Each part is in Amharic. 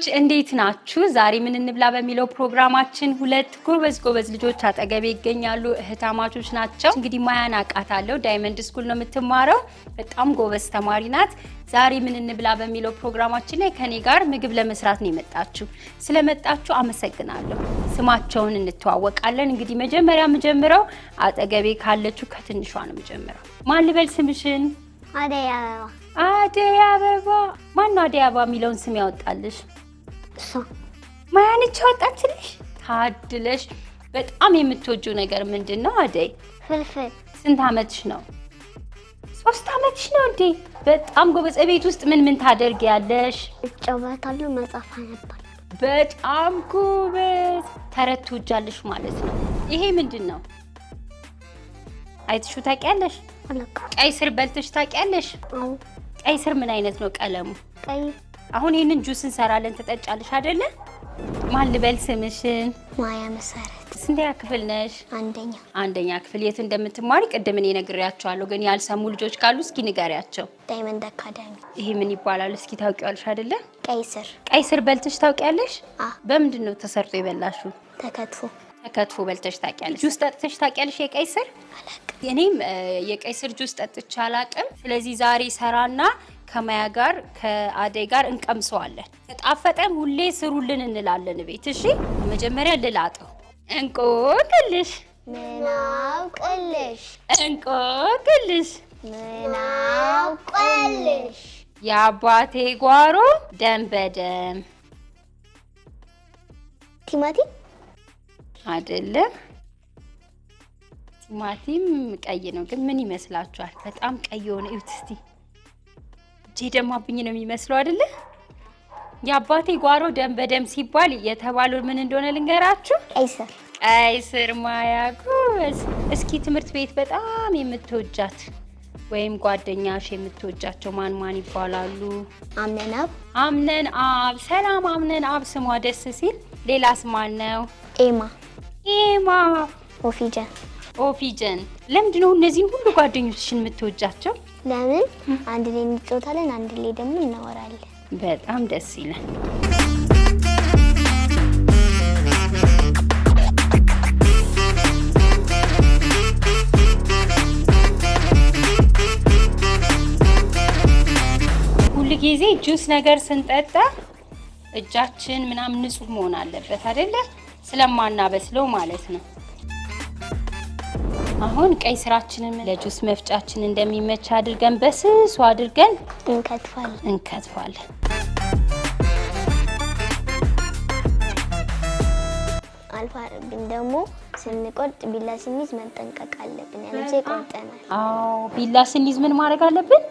ልጆች እንዴት ናችሁ? ዛሬ ምን እንብላ በሚለው ፕሮግራማችን ሁለት ጎበዝ ጎበዝ ልጆች አጠገቤ ይገኛሉ። እህታማቾች ናቸው። እንግዲህ ማያን አውቃታለሁ። ዳይመንድ ስኩል ነው የምትማረው። በጣም ጎበዝ ተማሪ ናት። ዛሬ ምን እንብላ በሚለው ፕሮግራማችን ላይ ከኔ ጋር ምግብ ለመስራት ነው የመጣችሁ። ስለመጣችሁ አመሰግናለሁ። ስማቸውን እንተዋወቃለን። እንግዲህ መጀመሪያ ምጀምረው አጠገቤ ካለችው ከትንሿ ነው ምጀምረው። ማን ልበል ስምሽን? አደይ አበባ። አደይ አበባ። ማን ነው አደይ አበባ የሚለውን ስም ያወጣልሽ? እሷ ማያነች ወጣችልሽ፣ ታድለሽ። በጣም የምትወጂው ነገር ምንድን ነው አደይ? ፍልፍል። ስንት አመትሽ ነው? ሶስት አመትሽ ነው እንዴ? በጣም ጎበዝ። ቤት ውስጥ ምን ምን ታደርጊያለሽ? እጫወታለሁ፣ መጽሐፍ አነባለሁ። በጣም ጎበዝ። ተረት ትውጃለሽ ማለት ነው። ይሄ ምንድን ነው? አይተሽው ታውቂያለሽ? ቀይ ስር በልተሽ ታውቂያለሽ? ቀይ ስር ምን አይነት ነው ቀለሙ? ቀይ አሁን ይህንን ጁስ እንሰራለን ትጠጫለሽ አይደለ? ማን ልበል ስምሽን? ማያ መሰረት። ስንተኛ ክፍል ነሽ? አንደኛ። አንደኛ ክፍል የት እንደምትማሪ ቅድም እኔ ነግሬያቸዋለሁ፣ ግን ያልሰሙ ልጆች ካሉ እስኪ ንገሪያቸው። ዳይመንድ አካዳሚ። ይሄ ምን ይባላል እስኪ ታውቂዋለሽ አይደለ? ቀይ ስር። ቀይ ስር በልተሽ ታውቂያለሽ? በምንድን ነው ተሰርቶ የበላሽው? ተከትፎ ተከትፎ በልተሽ ታውቂያለሽ? ጁስ ጠጥተሽ ታውቂያለሽ? የቀይ ስር እኔም የቀይ ስር ጁስ ጠጥቼ አላቅም። ስለዚህ ዛሬ ሰራና ከማያ ጋር ከአደይ ጋር እንቀምሰዋለን። ከጣፈጠን ሁሌ ስሩልን እንላለን ቤት። እሺ መጀመሪያ ልላጠው። እንቆቅልሽ ምናውቅልሽ፣ እንቆቅልሽ ምናውቅልሽ፣ የአባቴ ጓሮ ደም በደም ቲማቲም አይደለም። ቲማቲም ቀይ ነው፣ ግን ምን ይመስላችኋል? በጣም ቀይ የሆነ እዩት እስቲ ደማብኝ ነው የሚመስለው አይደለ? የአባቴ ጓሮ ደም በደም ሲባል የተባለው ምን እንደሆነ ልንገራችሁ። ቀይ ስር ማያ ጉዝ። እስኪ ትምህርት ቤት በጣም የምትወጃት ወይም ጓደኛሽ የምትወጃቸው ማን ማን ይባላሉ? አምነን አብ አምነን አብ ሰላም አምነን አብ ስሟ ደስ ሲል። ሌላስ ማን ነው? ኤማ ኤማ ኦፊጀን ኦፊጀን። ለምንድነው እነዚህን ሁሉ ጓደኞችሽን የምትወጃቸው? ለምን አንድ ላይ እንጫወታለን፣ አንድ ላይ ደግሞ እናወራለን። በጣም ደስ ይላል። ጊዜ ጁስ ነገር ስንጠጣ እጃችን ምናምን ንጹህ መሆን አለበት አይደለ? ስለማናበስለው ማለት ነው። አሁን ቀይ ስራችንን ለጁስ መፍጫችን እንደሚመች አድርገን በስሱ አድርገን እንከትፋለን እንከትፋለን። አልፎ ደግሞ ስንቆርጥ ቢላ ስንይዝ መጠንቀቅ አለብን። ያለብሴ ቆርጠናል። አዎ ቢላ ስንይዝ ምን ማድረግ አለብን?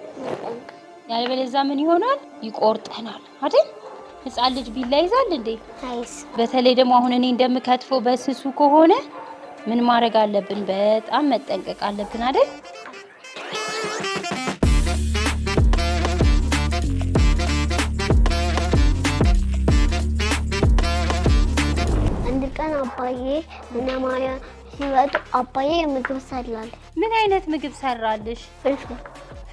ያለበለዛ ምን ይሆናል? ይቆርጠናል አይደል? ህፃን ልጅ ቢላ ይዛል እንዴ? በተለይ ደግሞ አሁን እኔ እንደምከትፈው በስሱ ከሆነ ምን ማድረግ አለብን? በጣም መጠንቀቅ አለብን አይደል? አንድ ቀን አባዬ ምነማያ ሲመጡ አባዬ ምግብ ሰራል። ምን አይነት ምግብ ሰራልሽ?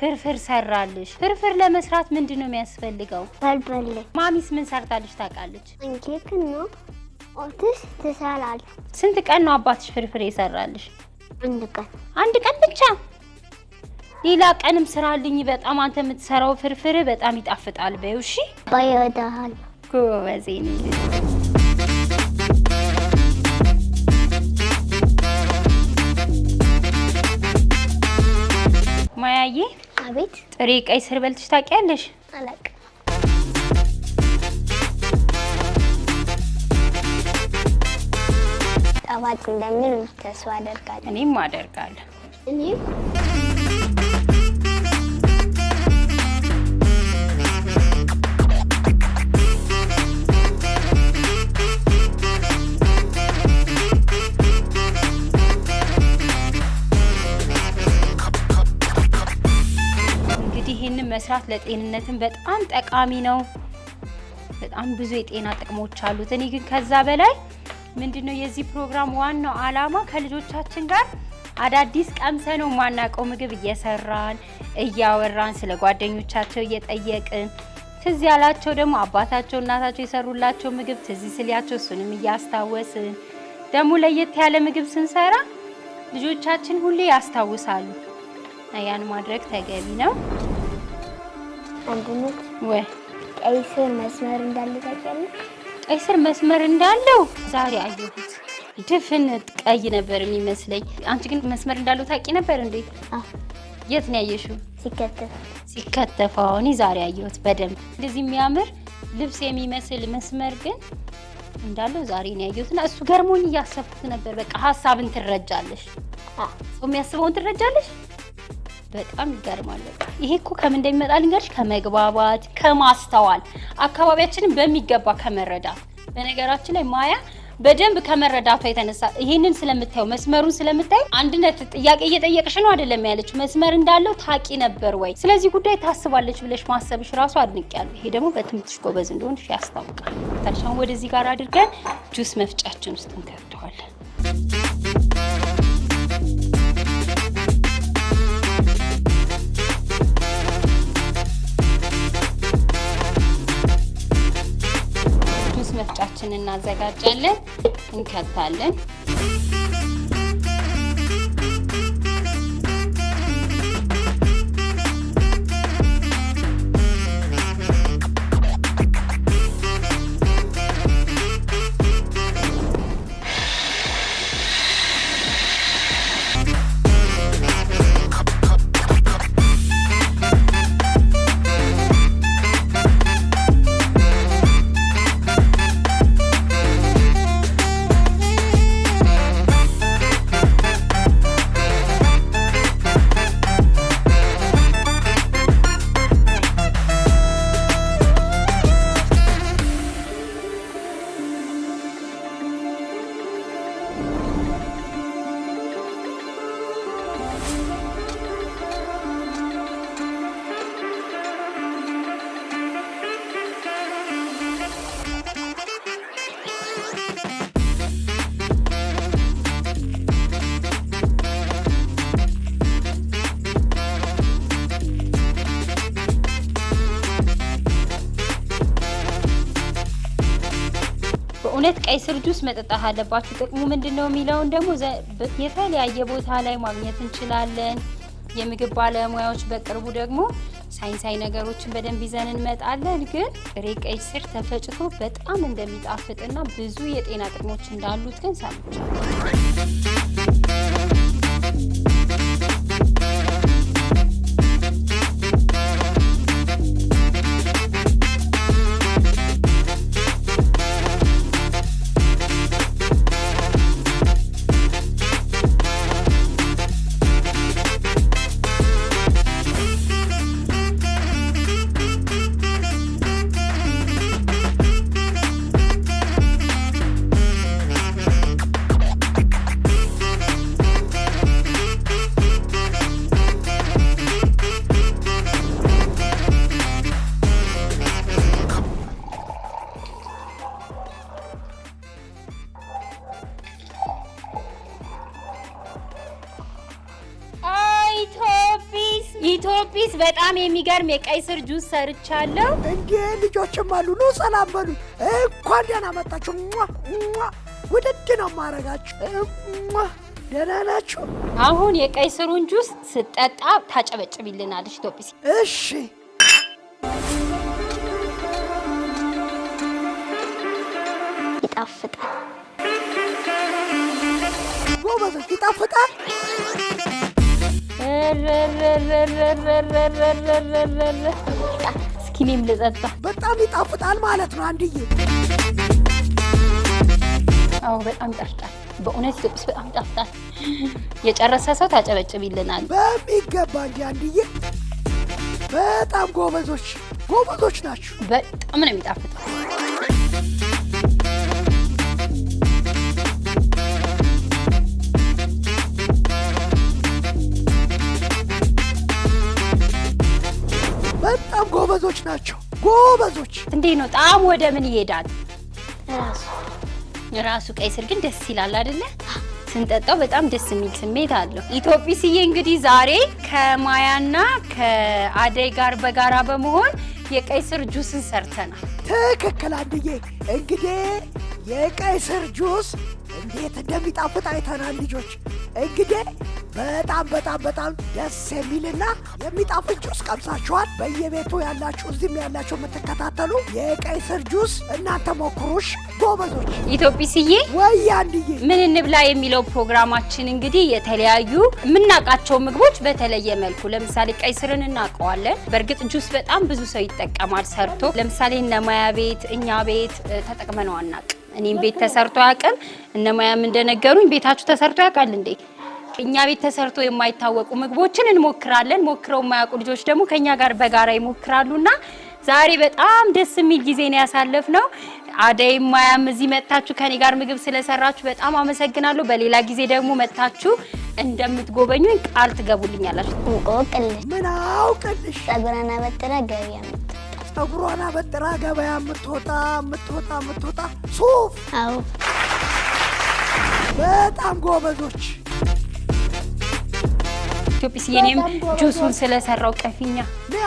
ፍርፍር ሰራልሽ። ፍርፍር ለመስራት ምንድን ነው የሚያስፈልገው? በልበል። ማሚስ ምን ሰርታልሽ ታውቃለች? ኬክ ነው ኦትስ ትሰራለች። ስንት ቀን ነው አባትሽ ፍርፍሬ ይሰራልሽ? አንድ ቀን። አንድ ቀን ብቻ? ሌላ ቀንም ስራልኝ። በጣም አንተ የምትሰራው ፍርፍር በጣም ይጣፍጣል። በይው እሺ። ባይወዳሃል። ጎበዜ ነኝ። ማያዬ፣ አቤት። ጥሬ ቀይ ስር በልተሽ ታውቂያለሽ? አላውቅም። ጠፋጭ እንደሚል ተስፋ አደርጋለሁ። እኔም አደርጋለሁ። እኔም ይህንን መስራት ለጤንነትን በጣም ጠቃሚ ነው። በጣም ብዙ የጤና ጥቅሞች አሉት። እኔ ግን ከዛ በላይ ምንድነው የዚህ ፕሮግራም ዋናው አላማ ከልጆቻችን ጋር አዳዲስ ቀምሰ ነው ማናቀው ምግብ እየሰራን እያወራን ስለ ጓደኞቻቸው እየጠየቅን ትዝ ያላቸው ደግሞ አባታቸው እናታቸው የሰሩላቸው ምግብ ትዝ ስሊያቸው እሱንም እያስታወስን ደግሞ ለየት ያለ ምግብ ስንሰራ ልጆቻችን ሁሌ ያስታውሳሉ። ያን ማድረግ ተገቢ ነው። አንድነት ወይ ቀይ ስር መስመር እንዳለ ታውቂያለሽ? ቀይ ስር መስመር እንዳለው ዛሬ አየሁት። ድፍን ቀይ ነበር የሚመስለኝ። አንቺ ግን መስመር እንዳለው ታውቂ ነበር እንዴ? የት ነው ያየሽው? ሲከተፍ ሲከተፍ። እኔ ዛሬ አየሁት በደንብ እንደዚህ የሚያምር ልብስ የሚመስል መስመር ግን እንዳለው ዛሬ ነው ያየሁትና እሱ ገርሞኝ እያሰብኩት ነበር። በቃ ሀሳብን ትረጃለሽ፣ ሰው የሚያስበውን ትረጃለሽ። በጣም ይገርማል። ይሄ እኮ ከምን እንደሚመጣ ልንገርሽ፣ ከመግባባት ከማስተዋል፣ አካባቢያችንን በሚገባ ከመረዳት። በነገራችን ላይ ማያ በደንብ ከመረዳቷ የተነሳ ይህንን ስለምታየው መስመሩን ስለምታየው አንድነት ጥያቄ እየጠየቅሽ ነው አይደለም ያለች መስመር እንዳለው ታቂ ነበር ወይ ስለዚህ ጉዳይ ታስባለች ብለሽ ማሰብሽ ራሱ አድንቄያለሁ። ይሄ ደግሞ በትምህርትሽ ጎበዝ እንደሆንሽ ያስታውቃል። ታሻን ወደዚህ ጋር አድርገን ጁስ መፍጫችን ውስጥ እንከተዋለን። እናዘጋጃለን፣ እንከታለን። ሁለት ቀይ ስር ጁስ መጠጣት አለባችሁ። ጥቅሙ ምንድን ነው የሚለውን ደግሞ የተለያየ ቦታ ላይ ማግኘት እንችላለን። የምግብ ባለሙያዎች በቅርቡ ደግሞ ሳይንሳዊ ነገሮችን በደንብ ይዘን እንመጣለን። ግን ጥሬ ቀይ ስር ተፈጭቶ በጣም እንደሚጣፍጥና ብዙ የጤና ጥቅሞች እንዳሉት ግን ሰምቻለሁ። በጣም የሚገርም የቀይ ስር ጁስ ሰርቻለሁ። እንዴ ልጆችም አሉ፣ ኑ ሰላም በሉ። እንኳን ደህና መጣችሁ። ውድድ ነው ማረጋችሁ። ደህና ናችሁ? አሁን የቀይ ስሩን ጁስ ስጠጣ ታጨበጭብልናለች ኢትዮጵስ። እሺ እስኪ እኔም ልጠጣ። በጣም ይጣፍጣል ማለት ነው አንድዬ። አዎ በጣም ይጣፍጣል። በእውነት ጥቅስ በጣም ይጣፍጣል። የጨረሰ ሰው ታጨበጭብልናል በሚገባ እንጂ አንድዬ። በጣም ጎበዞች ጎበዞች ናችሁ። በጣም ነው የሚጣፍጠው። ጎበዞች ናቸው ጎበዞች። እንዴ ነው ጣዕም ወደ ምን ይሄዳል? ራሱ ራሱ ቀይ ስር ግን ደስ ይላል አይደለ? ስንጠጣው በጣም ደስ የሚል ስሜት አለው። ኢትዮጵስዬ እንግዲህ ዛሬ ከማያና ከአደይ ጋር በጋራ በመሆን የቀይ ስር ጁስን ሰርተናል። ትክክል አንድዬ። እንግዲህ የቀይ ስር ጁስ እንዴት እንደሚጣፍጥ አይተናል ልጆች። እንግዲህ በጣም በጣም በጣም ደስ የሚልና የሚጣፍጥ ጁስ ቀምሳችኋል። በየቤቱ ያላችሁ እዚህም ያላችሁ የምትከታተሉ የቀይ ስር ጁስ እናንተ ሞክሩሽ ጎበዞች። ኢትዮጵስዬ ወይ አንድዬ ምን እንብላ የሚለው ፕሮግራማችን እንግዲህ የተለያዩ የምናውቃቸው ምግቦች በተለየ መልኩ ለምሳሌ ቀይ ስርን እናውቀዋለን። በእርግጥ ጁስ በጣም ብዙ ሰው ይጠቀማል ሰርቶ። ለምሳሌ እነ ማያ ቤት እኛ ቤት ተጠቅመነው አናውቅ እኔም ቤት ተሰርቶ አያውቅም። እነማያም እንደነገሩኝ ቤታችሁ ተሰርቶ ያውቃል እንዴ? እኛ ቤት ተሰርቶ የማይታወቁ ምግቦችን እንሞክራለን። ሞክረው የማያውቁ ልጆች ደግሞ ከኛ ጋር በጋራ ይሞክራሉና ዛሬ በጣም ደስ የሚል ጊዜ ነው ያሳለፍነው። አደይ ማያም እዚህ መጥታችሁ ከኔ ጋር ምግብ ስለሰራችሁ በጣም አመሰግናለሁ። በሌላ ጊዜ ደግሞ መጥታችሁ እንደምትጎበኙኝ ቃል ትገቡልኛላችሁ። እንቆቅልሽ ምን አውቅልሽ ጸጉረና በጥረ ነው ጠጉሯን በጥራ ገበያ የምትወጣ የምትወጣ የምትወጣ ሱፍ። አዎ በጣም ጎበዞች። ኢትዮጵስ የኔም ጁሱን ስለሰራው ቀፊኛ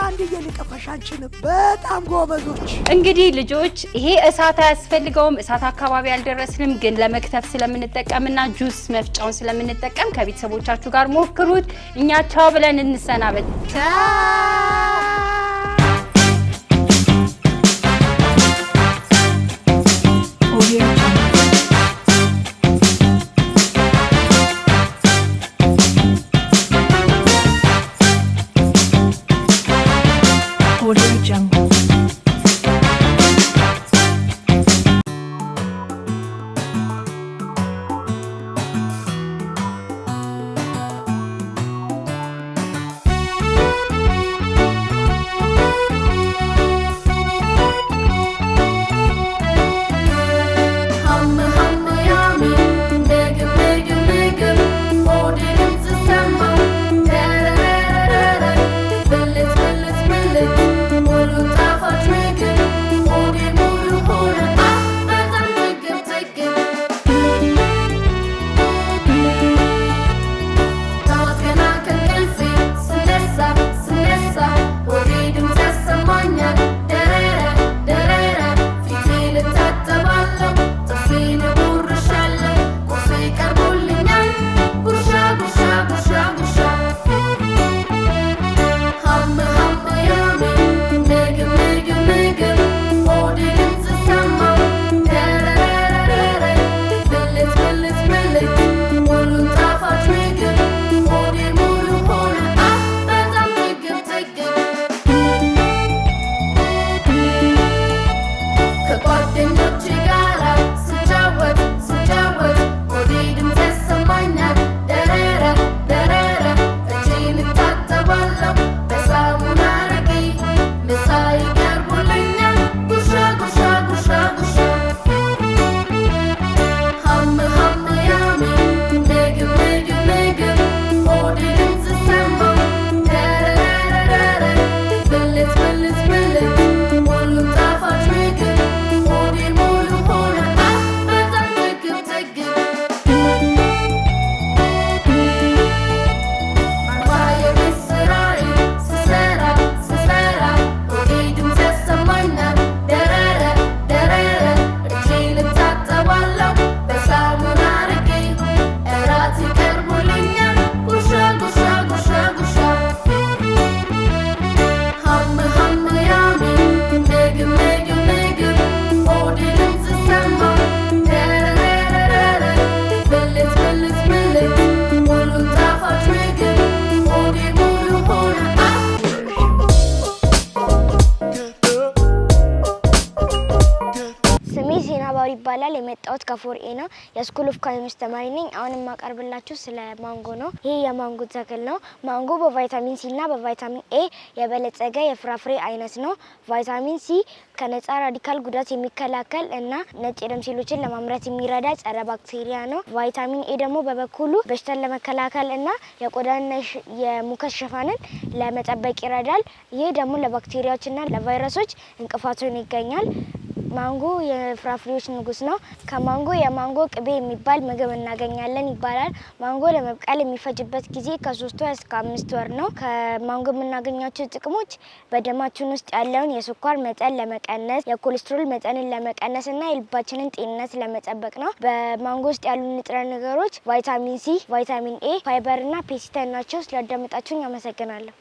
አንድ ልቀፈሽ አንችንም። በጣም ጎበዞች። እንግዲህ ልጆች ይሄ እሳት አያስፈልገውም። እሳት አካባቢ አልደረስንም፣ ግን ለመክተፍ ስለምንጠቀምና ጁስ መፍጫውን ስለምንጠቀም ከቤተሰቦቻችሁ ጋር ሞክሩት። እኛ ቻው ብለን እንሰናበት። የመጣሁት ከፎርኤ ነው። የስኩል ኦፍ ካይሚስ ተማሪ ነኝ። አሁን የማቀርብላችሁ ስለ ማንጎ ነው። ይህ የማንጎ ተክል ነው። ማንጎ በቫይታሚን ሲ እና በቫይታሚን ኤ የበለጸገ የፍራፍሬ አይነት ነው። ቫይታሚን ሲ ከነጻ ራዲካል ጉዳት የሚከላከል እና ነጭ የደም ሴሎችን ለማምረት የሚረዳ ጸረ ባክቴሪያ ነው። ቫይታሚን ኤ ደግሞ በበኩሉ በሽታን ለመከላከል እና የቆዳና የሙከት ሽፋንን ለመጠበቅ ይረዳል። ይህ ደግሞ ለባክቴሪያዎችና ለቫይረሶች እንቅፋቱን ይገኛል። ማንጎ የፍራፍሬዎች ንጉስ ነው። ከማንጎ የማንጎ ቅቤ የሚባል ምግብ እናገኛለን ይባላል። ማንጎ ለመብቀል የሚፈጅበት ጊዜ ከሶስት ወር እስከ አምስት ወር ነው። ከማንጎ የምናገኛቸው ጥቅሞች በደማችን ውስጥ ያለውን የስኳር መጠን ለመቀነስ፣ የኮሌስትሮል መጠንን ለመቀነስ እና የልባችንን ጤንነት ለመጠበቅ ነው። በማንጎ ውስጥ ያሉ ንጥረ ነገሮች ቫይታሚን ሲ፣ ቫይታሚን ኤ፣ ፋይበር እና ፔሲተን ናቸው። ስላዳመጣችሁን ያመሰግናለሁ።